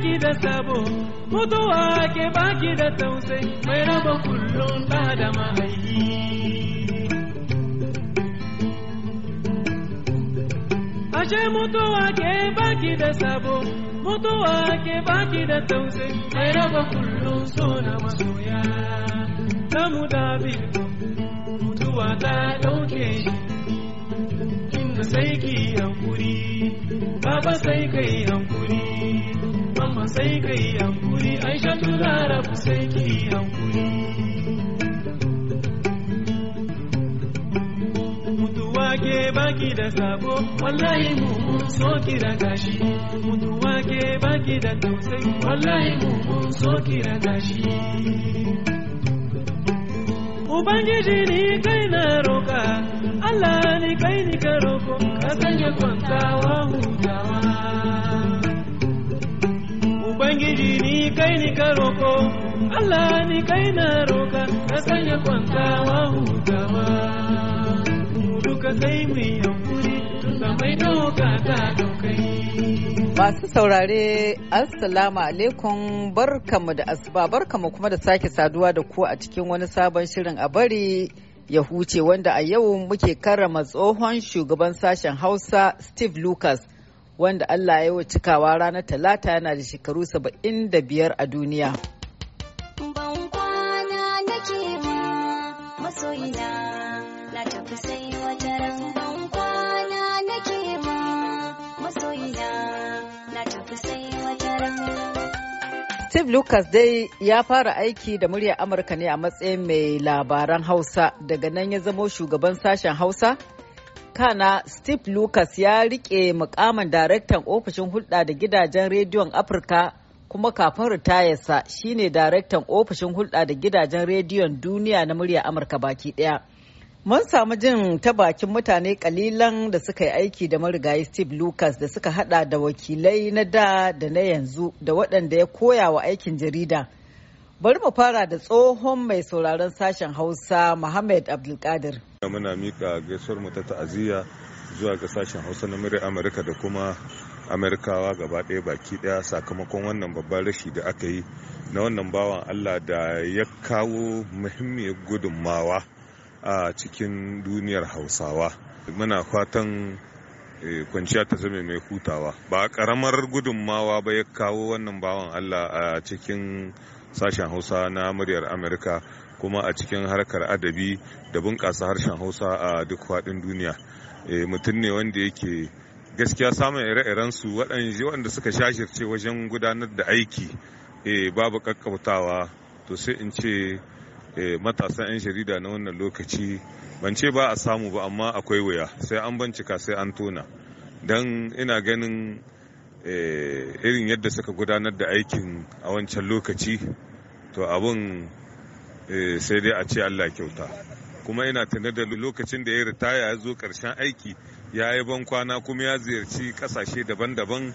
baki da sabo mutuwa ke baki da tausayi mai raba kullum da da mahayi ashe mutuwa ke baki da sabo mutuwa ke baki da tausayi mai raba kullum so na masoya namu da mutuwa ta dauke inda sai ki hankuri baba sai kai hankuri kuma sai ka yi hankuri an sha turara ku sai ki yi hankuri mutuwa ke baki da sabo wallahi mu mun so ki da gashi mutuwa ke baki da tausayi wallahi mu mun so ki da gashi Ubangiji ni kai na roka, Allah ni kai ni ka roko, ka sanya kwanta Masu saurare, Assalamu alaikum barkamu da asuba barkamu kuma da sake saduwa da ku a cikin wani sabon shirin a bari ya huce wanda a yau muke karrama tsohon shugaban sashen Hausa Steve Lucas. wanda Allah ya wa cikawa ranar talata yana da shekaru 75 a duniya. Steve Lucas dai ya fara aiki da murya Amurka ne a matsayin mai labaran Hausa daga nan ya zamo shugaban sashen Hausa kana steve lucas ya rike mukamin daraktan ofishin hulɗa da gidajen rediyon afirka kuma kafin ritayarsa shine daraktan ofishin hulɗa da gidajen rediyon duniya na murya amurka baki ɗaya mun samu jin ta bakin mutane kalilan da suka yi aiki da marigayi steve lucas da suka hada da wakilai na da da na yanzu da waɗanda ya koya wa aikin jarida Bari mu fara da tsohon mai sauraron sashen Hausa Muhammad Abdulkadir. Muna mika gaisuwar mu ta ta'aziyya zuwa ga sashen Hausa na muryar Amurka da kuma Amerikawa gaba ɗaya baki ɗaya sakamakon wannan babban rashi da aka yi na wannan bawan Allah da ya kawo muhimmiyar gudunmawa a cikin duniyar Hausawa. Muna fatan eh, kwanciya ta zame mai hutawa ba karamar gudunmawa ba ya kawo wannan bawan Allah a cikin sashen hausa na muryar amurka kuma a cikin harkar adabi da bunƙasa harshen hausa a duk faɗin duniya eh, mutum ne wanda yake gaskiya samun ire-iren su waɗanda suka shashirce wajen gudanar da aiki eh, babu kakkautawa to sai in ce eh, matasan 'yan jarida na wannan lokaci ban ce ba a samu ba amma akwai waya sai an bancika sai an tona don ina ganin Eh, irin yadda suka gudanar da aikin a wancan lokaci to abun eh, sai dai a ce allah kyauta kuma yana tunar da lokacin da ya ritaya ya zo karshen aiki ya yi ban kuma ya ziyarci kasashe daban-daban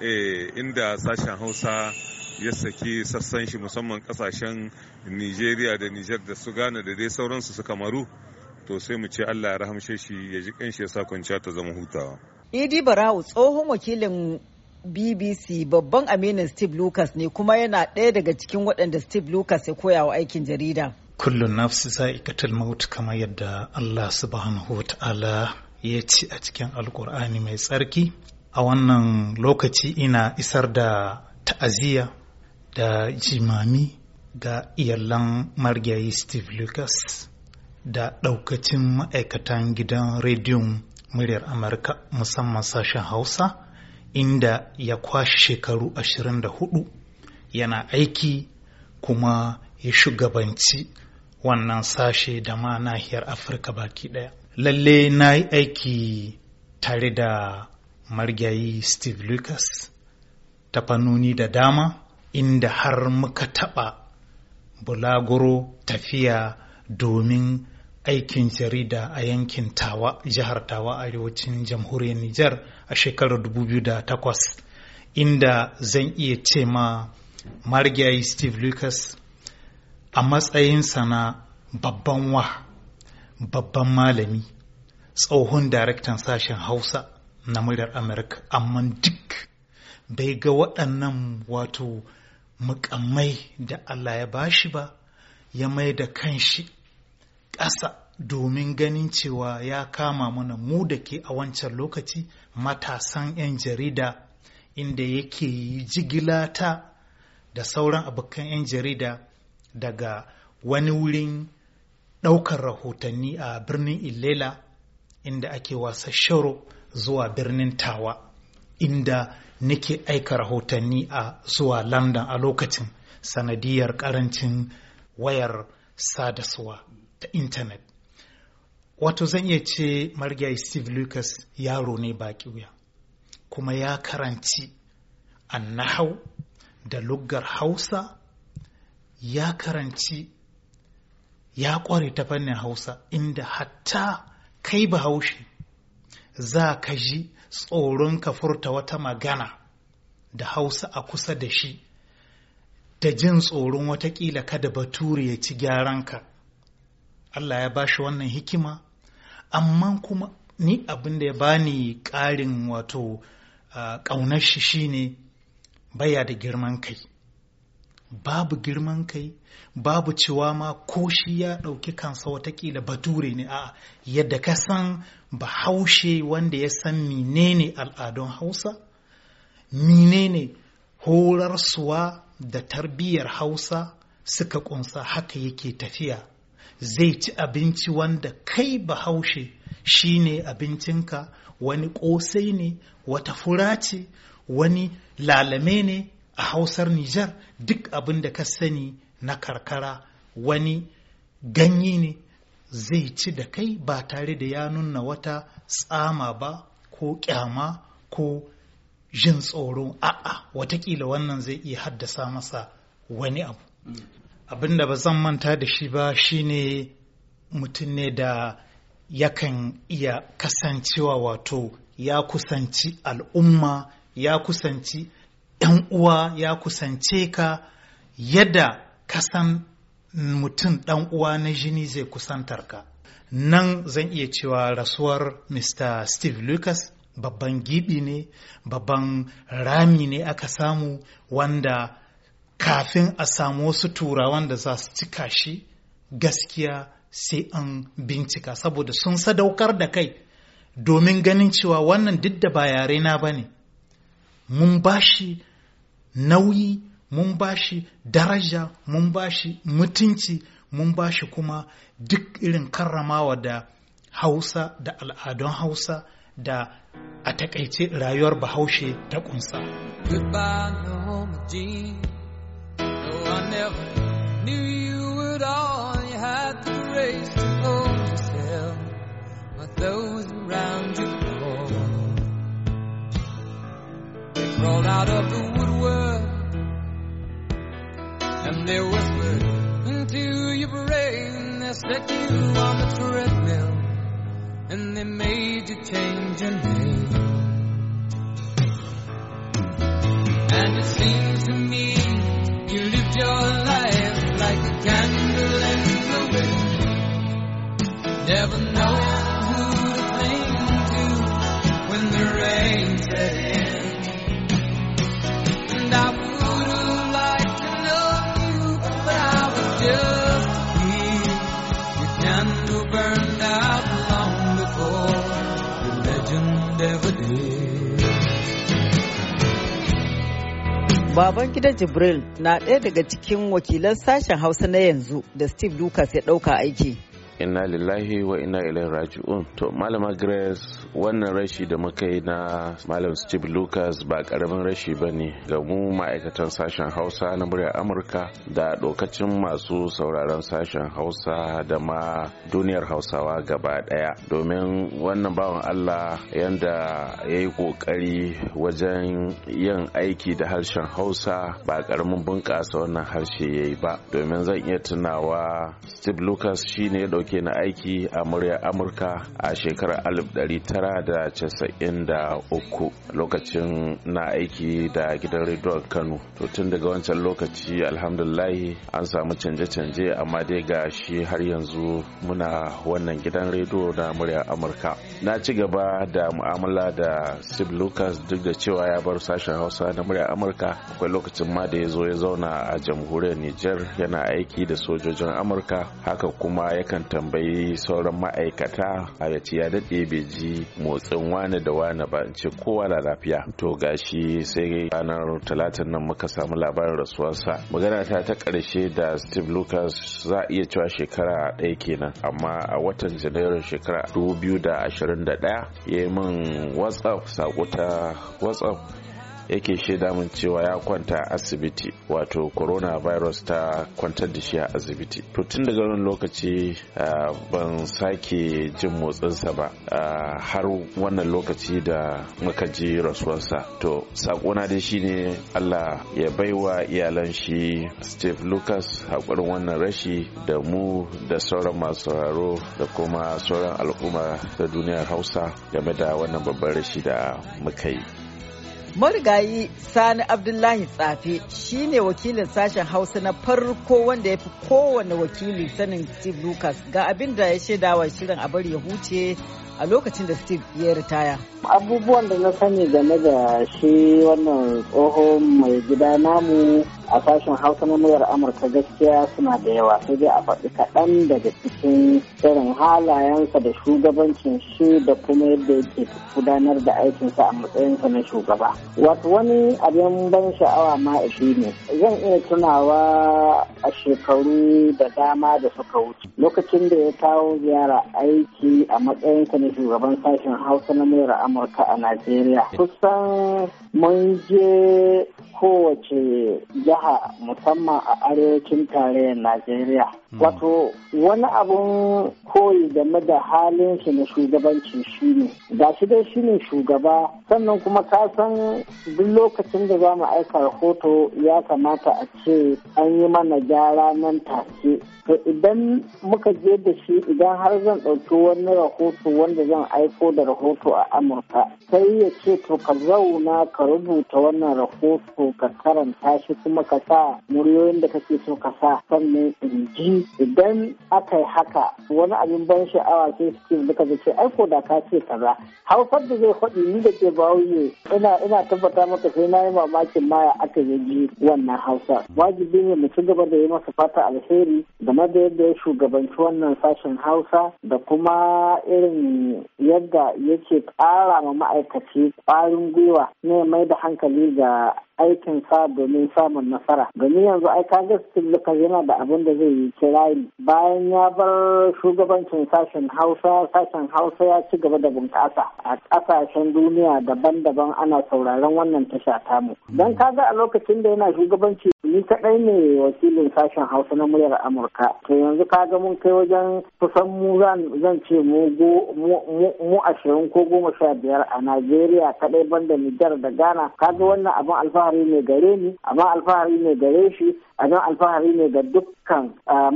eh, inda sashen hausa ya saki sassan shi musamman kasashen nigeria da niger da su gane da dai sauransu su maru to sai mu ce allah ya rahamshe shi ya ji kanshi ya sa kwanciya ta zama hutawa idi barawu tsohon wakilin BBC babban aminin Steve Lucas ne kuma yana ɗaya daga cikin waɗanda Steve Lucas ya koya wa aikin jarida. Kullum nafsi za'iqatul maut kamar yadda Allah subhanahu wa ta'ala ya ci a cikin alkur'ani mai tsarki. A wannan lokaci ina isar da ta'aziyya da jimami ga iyalan margayi Steve Lucas da ɗaukacin ma'aikatan gidan rediyon muryar Amurka musamman sashen Hausa. inda ya kwashe shekaru 24 yana aiki kuma ya shugabanci wannan sashe da ma nahiyar afirka baki daya lalle na yi aiki tare da margayi steve lucas ta fannoni da dama inda har muka taɓa bulaguro tafiya domin aikin jarida a yankin tawa jihar tawa arewacin jamhuriyar Nijar a shekarar 2008 inda zan iya ce ma marigayi Steve Lucas a matsayinsa na babban wa babban malami tsohon daraktan sashen Hausa na muryar Amurka amma duk bai ga waɗannan wato mukammai da Allah ya bashi ba ya mai da kanshi ƙasa domin ganin cewa ya kama mana mu da ke a wancan lokaci matasan 'yan jarida inda yake yi jigilata da sauran abokan 'yan jarida daga wani wurin ɗaukar rahotanni a birnin ilela inda ake wasa sharo zuwa birnin tawa inda nake aika rahotanni a zuwa london a lokacin sanadiyar ƙarancin wayar sadaswa ta intanet wato zan iya ce marigayi steve lucas yaro ne ba wuya kuma ya karanci annahau da luggar hausa ya karanci ya kware ta fannin hausa inda hatta kai bahaushe za ka ji tsoron ka furta wata magana da hausa a kusa da shi da jin tsoron watakila kada bature ya ci gyaran ka Allah ya ba shi wannan hikima amma kuma ni abin da ya bani ƙarin wato ƙaunar shi shine baya da girman kai babu girman kai babu cewa ma ko shi ya ɗauki kansa watakila bature ne a yadda ka san bahaushe wanda ya san menene al'adun hausa menene horarsuwa da tarbiyyar hausa suka ƙunsa haka yake tafiya zai ci abinci wanda kai bahaushe shi ne abincinka wani ƙosai ne wata fura ce wani lalame ne a hausar Nijar duk abin da ka sani na karkara wani ganye ne zai ci da kai ba tare da ya nuna wata tsama ba ko kyama ko jin tsoro? a'a watakila wannan zai iya haddasa masa wani abu abin da ba zan manta da shi ba shine mutum ne da yakan iya kasancewa wato ya kusanci al'umma ya kusanci ‘yan uwa ya kusance ka yadda kasan mutum ɗan uwa na jini zai kusantar ka nan zan iya cewa rasuwar mr steve lucas babban gibi ne babban rami ne aka samu wanda kafin a samu wasu turawan da za su cika shi gaskiya sai an bincika saboda sun sadaukar da kai domin ganin cewa wannan duk da ba yare na ba ne mun ba shi nauyi mun ba shi daraja mun ba shi mutunci mun ba shi kuma duk irin karramawa da hausa da al'adun hausa da a takaice rayuwar bahaushe ta kunsa. Goodbye, never knew you at all. You had the grace to hold yourself, but those around you crawled. They crawled out of the woodwork, and they whispered into your brain. They set you on the treadmill, and they made you change your name. And it seems to me Never know who to cling to when rain set in. And I would have liked to you, but I was just a kid. Your candle burned out long before Baban gidan Jibril na ɗaya daga cikin wakilan sashen Hausa na yanzu da Steve Lucas ya ɗauka aiki. inna lillahi wa inna ilai raji'un to malama grace wannan rashi da muka yi na malam steve lucas ba karamin rashi ba ne ga mu ma'aikatan sashen hausa na muryar amurka da dokacin masu sauraron sashen hausa da ma duniyar hausawa gaba daya domin wannan bawan allah yanda ya yi kokari wajen yin aiki da harshen hausa ba karamin bunƙasa wannan harshe ya yi ba domin zan iya tunawa steve lucas shine ya ɗauki ke na aiki a muryar amurka a shekarar 1993 lokacin na aiki da gidan rediyon kano to tun daga wancan lokaci alhamdulahi an samu canje-canje amma dai ga shi har yanzu muna wannan gidan rediyo na muryar amurka na ci gaba da mu'amala da steve lucas duk da cewa ya bar sashen hausa na muryar amurka akwai lokacin ma da ya zo ya zauna a jamhuriyar niger yana aiki da sojojin amurka haka kuma yakan tambayi sauran ma'aikata a ya ya daɗe bai ji motsin wani da wani ba in ce kowa na lafiya to gashi sai ranar talatin nan muka samu labarin rasuwarsa magana ta ta ƙarshe da steve lucas za a iya cewa shekara ɗaya kenan amma a watan janairun shekara 2021 ya yi min whatsapp sako ta whatsapp yake shaida min cewa ya kwanta asibiti wato corona virus ta kwantar da shi a asibiti to tun daga wani lokaci ban sake jin motsinsa ba har wannan lokaci da muka ji rasuwarsa to sakona dai shine allah ya baiwa iyalan shi steve lucas haƙurin wannan rashi da mu da sauran masu sauraro da kuma sauran al'umma ta duniyar hausa game da wannan babban rashi da muka yi marigayi sani abdullahi tsafe shi ne wakilin sashen hausa na farko wanda ya fi kowane wakili sanin steve lucas ga abin da ya shaidawa shirin a bari ya huce a lokacin da steve ya ritaya abubuwan da na sani game da shi wannan tsohon mai gida namu a sashen hausa na muryar amurka gaskiya suna da yawa sai dai a faɗi kaɗan daga cikin irin halayensa da shugabancin shi da kuma yadda yake gudanar da aikinsa a matsayinsa na shugaba wato wani abin ban sha'awa ma shi ne zan iya tunawa a shekaru da dama da suka wuce lokacin da ya kawo ziyara aiki a matsayinsa na shugaban sashen hausa na muryar amurka a najeriya kusan mun je kowace jiha jiha musamman a arewacin tarayyar Najeriya. Hmm. Wato wani abun koyi game da halin shi na shugabanci shi ne. Ga shi dai shi ne shugaba sannan kuma ka san duk lokacin da za mu aika rahoto ya kamata a ce an yi mana gyara nan take. To idan muka je da shi idan har zan ɗauki wani rahoto wanda zan aiko da rahoto a Amurka sai ya ce to ka zauna ka rubuta wannan rahoto ka karanta shi kuma ka sa muryoyin da kake so ka sa sannan in ji idan aka yi haka wani abin ban sha'awa sai su ce duka da ce aiko da ka ce kaza hausar da zai faɗi ni da ke bawuye ina ina tabbata maka sai na yi mamakin maya aka yi ji wannan hausa wajibi ne mu ci gaba da yi masa fata alheri game da yadda ya shugabanci wannan sashen hausa da kuma irin yadda yake ƙara ma ma'aikaci ƙwarin gwiwa ne mai da hankali ga aikin sa domin samun nasara domin yanzu ai ga lukas yana da abin da zai yi kirari bayan ya bar shugabancin sashen hausa sashen hausa ya ci gaba da bunƙasa a ƙasashen duniya daban-daban ana sauraron wannan tasha ta mu don ga a lokacin da yana shugabanci ni kaɗai ne wakilin sashen hausa na muryar amurka to yanzu ka ga mun kai wajen kusan mu zan ce mu ashirin ko goma sha biyar a najeriya kaɗai banda nijar da ghana ka ga wannan abin alfahari alfahari ne gare ni amma alfahari ne gare shi abin alfahari ne ga dukkan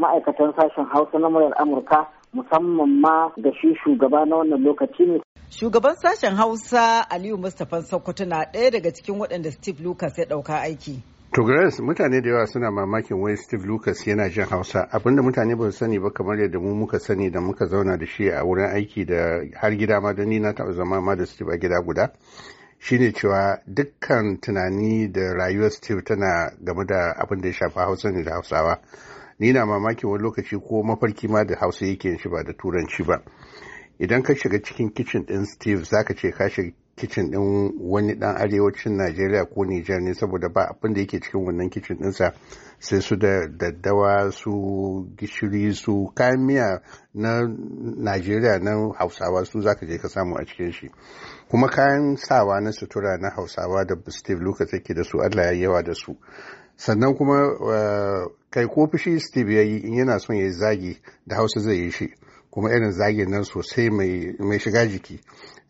ma'aikatan sashen hausa na muryar amurka musamman ma da shi shugaba na wannan lokaci ne Shugaban sashen Hausa Aliyu Mustapha Sokoto na ɗaya daga cikin waɗanda Steve Lucas ya ɗauka aiki. To Grace mutane da yawa suna mamakin wai Steve Lucas yana jin Hausa abinda mutane ba su sani ba kamar yadda mu muka sani da muka zauna da shi a wurin aiki da har gida ma don ni na taɓa zama ma da Steve a gida guda shine cewa dukkan tunani da rayuwar steve tana game da abin da ya shafa hausa ne da hausawa ni na mamakin wani lokaci ko mafarki ma da hausa yake shi ba da turanci ba idan ka shiga cikin kicin din steve zaka ce ka shiga kicin ɗin wani dan arewacin Najeriya ko Nijar ne saboda ba abin da yake cikin wannan kicin ɗinsa sai su da daddawa su gishiri su kayan miya na Najeriya na Hausawa su zaka je ka samu a cikin shi kuma kayan sawa na sutura na Hausawa da Steve Lucas yake da su Allah ya yawa da su sannan kuma eh, kai ko fushi Steve ya yi in yana son ya yi zagi da Hausa zai yi shi kuma irin zagin nan sosai mai shiga jiki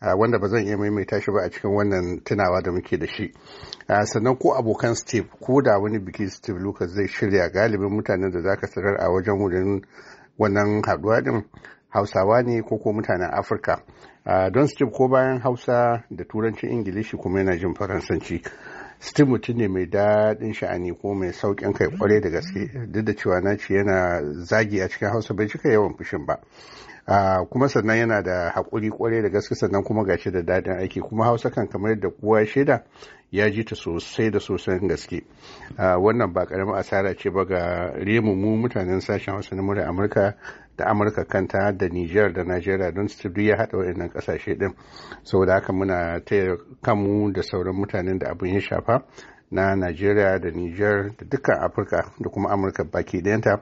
ah, wanda ba zan iya maimaita shi ba a cikin wannan tunawa da muke da shi ah, sannan ko abokan steve ko da wani biki steve lucas zai shirya galibin mutanen da zaka sarar a wajen wurin wannan haduwa din hausawa ne ko ko mutanen afirka ah, don steve ko bayan hausa da turancin ingilishi kuma yana jin faransanci still mutum ne mai daɗin sha'ani ko mai sauƙin kai kwarai da gaske duk da cewa na ce yana zagi a cikin hausa bai cika yawan fushin ba ah, kuma sannan yana da haƙuri kwarai da gaske sannan kuma gashi da daɗin aiki kuma hausa kan kamar yadda kowa shaida ya ji ta sosai da sosai gaske ah, wannan ba ƙaramin asara ce ba ga remu mu mutanen sashen hausa na murar amurka da amurka kanta da niger da nigeria don su duk ya haɗa waɗannan ƙasashe ɗin saboda haka muna taya kanmu da sauran mutanen da abin ya shafa na nigeria da niger da dukkan afirka da kuma amurka baki ɗayanta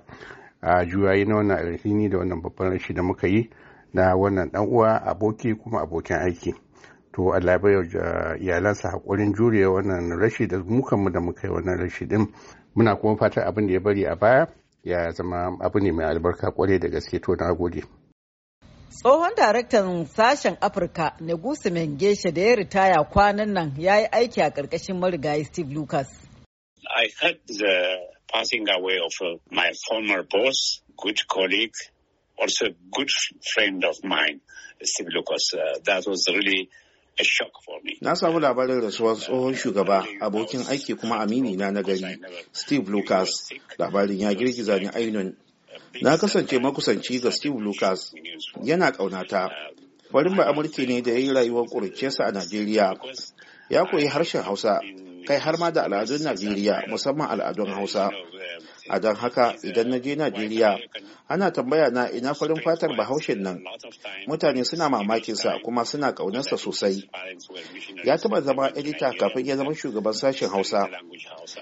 a juyayi na wannan alhini da wannan babban rashi da muka yi na wannan dan uwa aboki kuma abokin aiki to allah bai iyalansa haƙurin jure wannan rashi da mukanmu da muka yi wannan rashi ɗin muna kuma fatan abin da ya bari a baya ya zama abu ne mai albarka kwarai da gaske to na gode. Tsohon daraktan sashen Afirka na Gusu Mengeshe da ya ritaya kwanan nan ya yi aiki a ƙarƙashin marigayi Steve Lucas. I had the passing away of uh, my former boss, good colleague, also good friend of mine, Steve Lucas. Uh, that was really Na samu labarin rasuwar tsohon shugaba abokin aiki kuma amini na nagari Steve Lucas labarin ya girgiza ni ainihin Na kasance makusanci ga Steve Lucas yana ƙaunata. Farin ba Amurki ne da ya yi rayuwar ƙuruciyarsa a Najeriya. Ya koyi harshen Hausa, kai har ma da al'adun Najeriya musamman al'adun Hausa. a don haka idan na je najeriya ana tambaya na ina farin fatar bahaushen nan mutane suna mamakin sa kuma suna kaunarsa sosai ya taɓa zama edita kafin ya zama shugaban sashen hausa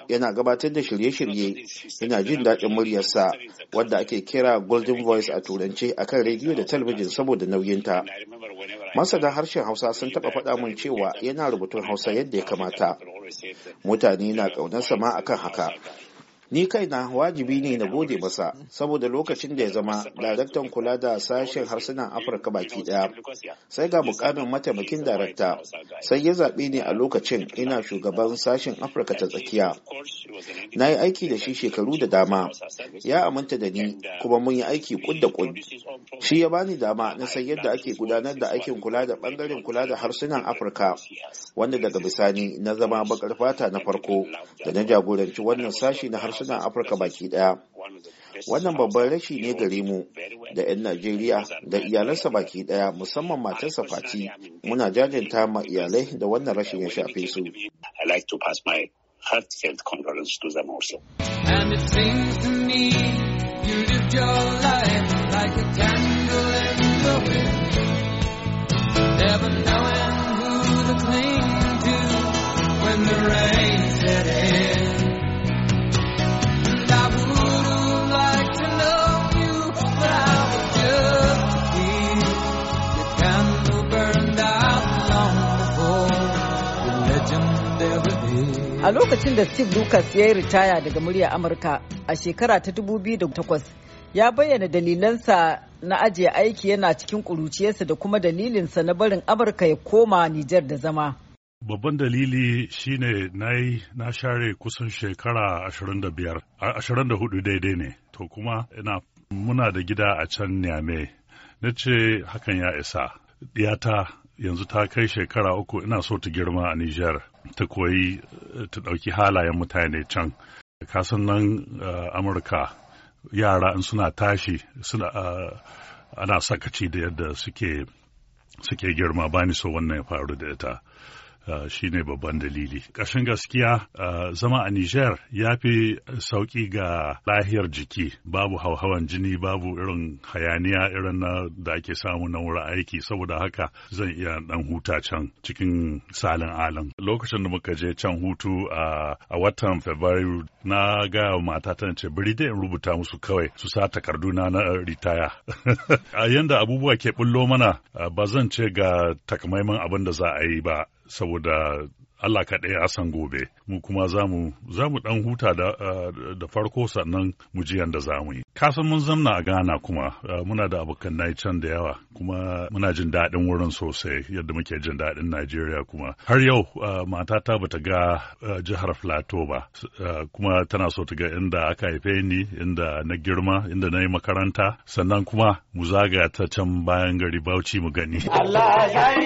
yana gabatar da shirye-shirye yana jin daɗin muryarsa wadda ake kira golden voice a turance akan rediyo da talabijin saboda nauyinta masana harshen hausa sun taɓa faɗa mun cewa yana rubutun hausa yadda ya kamata mutane na ƙaunarsa ma akan haka ni kai na, wajibi ne na gode masa saboda lokacin da ya zama daraktan kula da sashen harsunan afirka baki daya sai ga mukamin mataimakin darakta sai ya zaɓe ni a lokacin ina shugaban sashen afirka ta tsakiya na yi aiki da shi shekaru da dama ya aminta da ni kuma mun yi aiki kud da kud shi ya bani dama na san yadda ake gudanar da aikin kula da bangaren kula da harsunan afirka wanda daga bisani na zama bakar fata na farko da na jagoranci wannan sashi na harsunan harsunan afirka baki daya wannan babban rashi ne gare mu da 'yan najeriya da iyalansa baki daya musamman matarsa fati muna jajinta ma iyalai da wannan rashin ya shafe su never knowing who to cling to when the rain set in. A lokacin da Steve Lucas ya yi ritaya daga murya Amurka a shekara ta 2008 ya bayyana dalilansa na ajiye aiki yana cikin ƙuruciyarsa da kuma dalilinsa na barin Amurka ya koma Nijar da zama. Babban dalili shine na yi na share kusan shekara 25, 24 daidai ne, to kuma ina muna da gida a can Niamey. Na ce hakan ya isa, ɗiyata yanzu ta kai shekara uku ina so ta girma a Nijar ta koyi eh, ta ɗauki halayen mutane can. Kasan nan eh, Amurka yara in suna tashi suna eh, ana sakaci da yadda suke suke girma ba ni so wannan ya faru da ita Eh, shine babban dalili ƙashin gaskiya eh, zama a Nijar ya fi sauƙi ga lahiyar jiki babu hauhawan jini babu irin hayaniya irin na da ake samu na wurin aiki saboda haka zan iya ɗan huta can cikin salin alin lokacin da muka je can hutu eh, a watan Fabrairu na gaya wa matata na ce bari dai in rubuta musu kawai su sa takarduna na ritaya a yanda abubuwa ke bullo mana ba zan ce ga takamaiman abin da za a yi ba saboda Allah kaɗai ɗaya san gobe mu kuma za mu ɗan huta da farko sannan mu ji yanda za mu yi. Kasan mun zamna a Ghana kuma muna da abokan nayi can da yawa kuma muna jin daɗin wurin sosai yadda muke jin daɗin Najeriya kuma har yau matata bata ga jihar Filato ba kuma tana so ta ga inda aka haife ni inda na girma inda na yi makaranta sannan kuma mu zaga ta can bayan gari Bauchi mu gani. Allah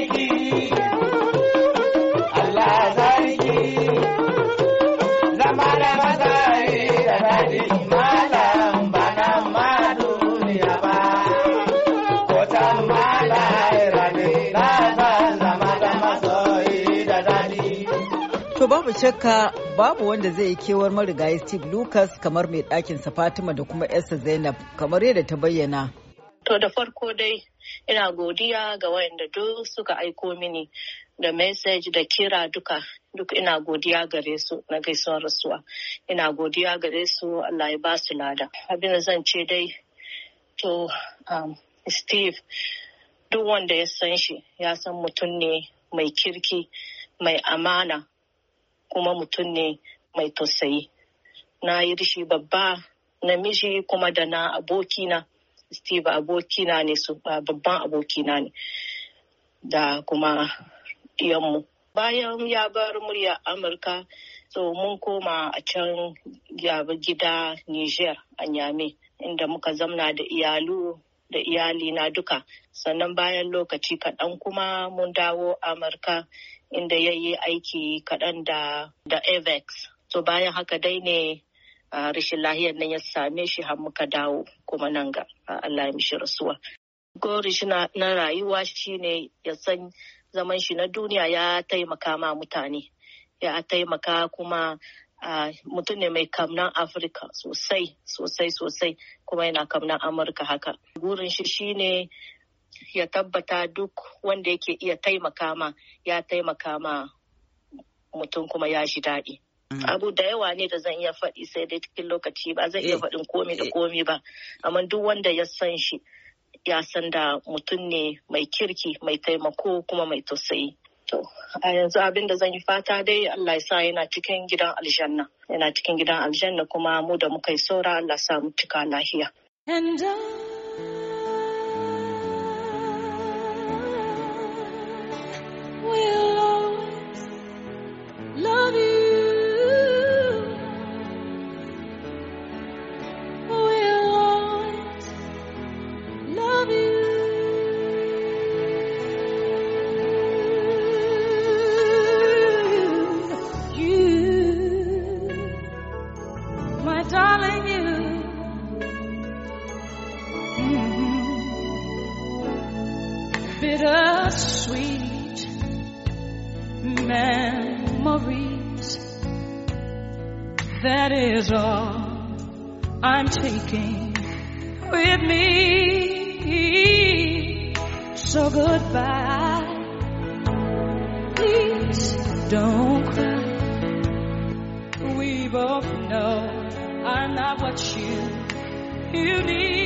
Babu shakka babu wanda zai yi kewar marigayi Steve Lucas kamar mai ɗakin Fatima da kuma Esther Zainab kamar yadda ta bayyana. To da farko dai ina godiya ga wayanda duk suka aiko mini da message da kira duka duk ina godiya gare su na gaisuwar rasuwa. Ina godiya gare su Allah ya ba lada. Abin da zan ce dai to um, Steve duk wanda ya san shi ya san mutum ne mai kirki mai amana kuma mutum ne mai tausayi na yi rishi babba namiji kuma da na abokina steve abokina ne su babban abokina ne da kuma ɗiyanmu bayan ya bar murya amurka so mun koma a can yaba gida niger a nyame inda muka zamna da iyalu da iyalina duka sannan bayan lokaci kaɗan kuma mun dawo amurka inda ya yi aiki kaɗan da da avex to bayan haka dai ne rashin lahiyar nan ya same shi har muka dawo kuma nan ga Allah ya mishi rasuwa gori shi na rayuwa shine ya san zaman shi na duniya ya taimaka ma mutane ya taimaka kuma mutum ne mai kamnan afirka sosai sosai sosai kuma yana kamnan amurka haka gurin shi shine ya tabbata duk wanda yake iya taimaka ma ya taimaka ma mutum kuma ya shi daɗi. Mm. abu da yawa ne da zan iya faɗi sai dai cikin lokaci ba zan iya eh. faɗin komi da eh. komi ba amma duk wanda ya san shi ya san da mutum ne mai kirki mai taimako kuma mai tausayi to a yanzu abin da zan yi fata dai Allah ya sa yana cikin gidan aljanna yana cikin gidan aljanna kuma mu da muka yi saura Allah sa mu cika lahiya will. taking with me. So goodbye. Please don't cry. We both know I'm not what you you need.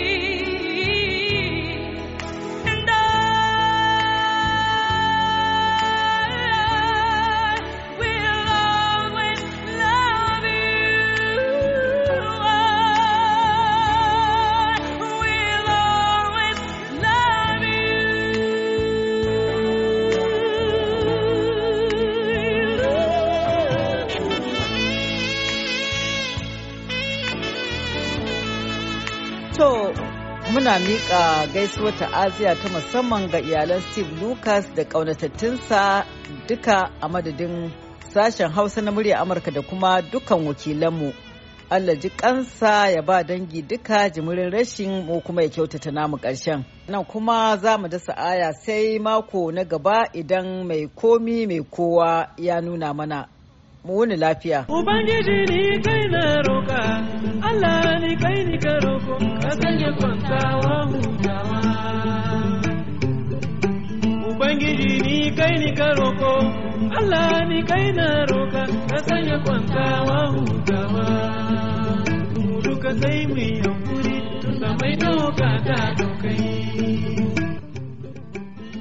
muna miƙa gaisuwar ta'aziya ta musamman ga iyalan Steve Lucas da ƙaunatattunsa duka a madadin sashen Hausa na murya Amurka da kuma dukan wakilanmu. Allah ji kansa ya ba dangi duka jimirin rashin mu kuma ya kyautata namu karshen. Nan kuma za mu dasa aya sai mako na gaba idan mai komi mai kowa ya nuna mana. Mu wuni lafiya. Ubangiji ni kai na roƙa, Allah ni kai ni Ubangiji ni kai ni ka roko, Allah ni kai na roka, ka sanya kwantawa hutawa. Mu duka sai mu yankuri, tunda mai ɗauka ta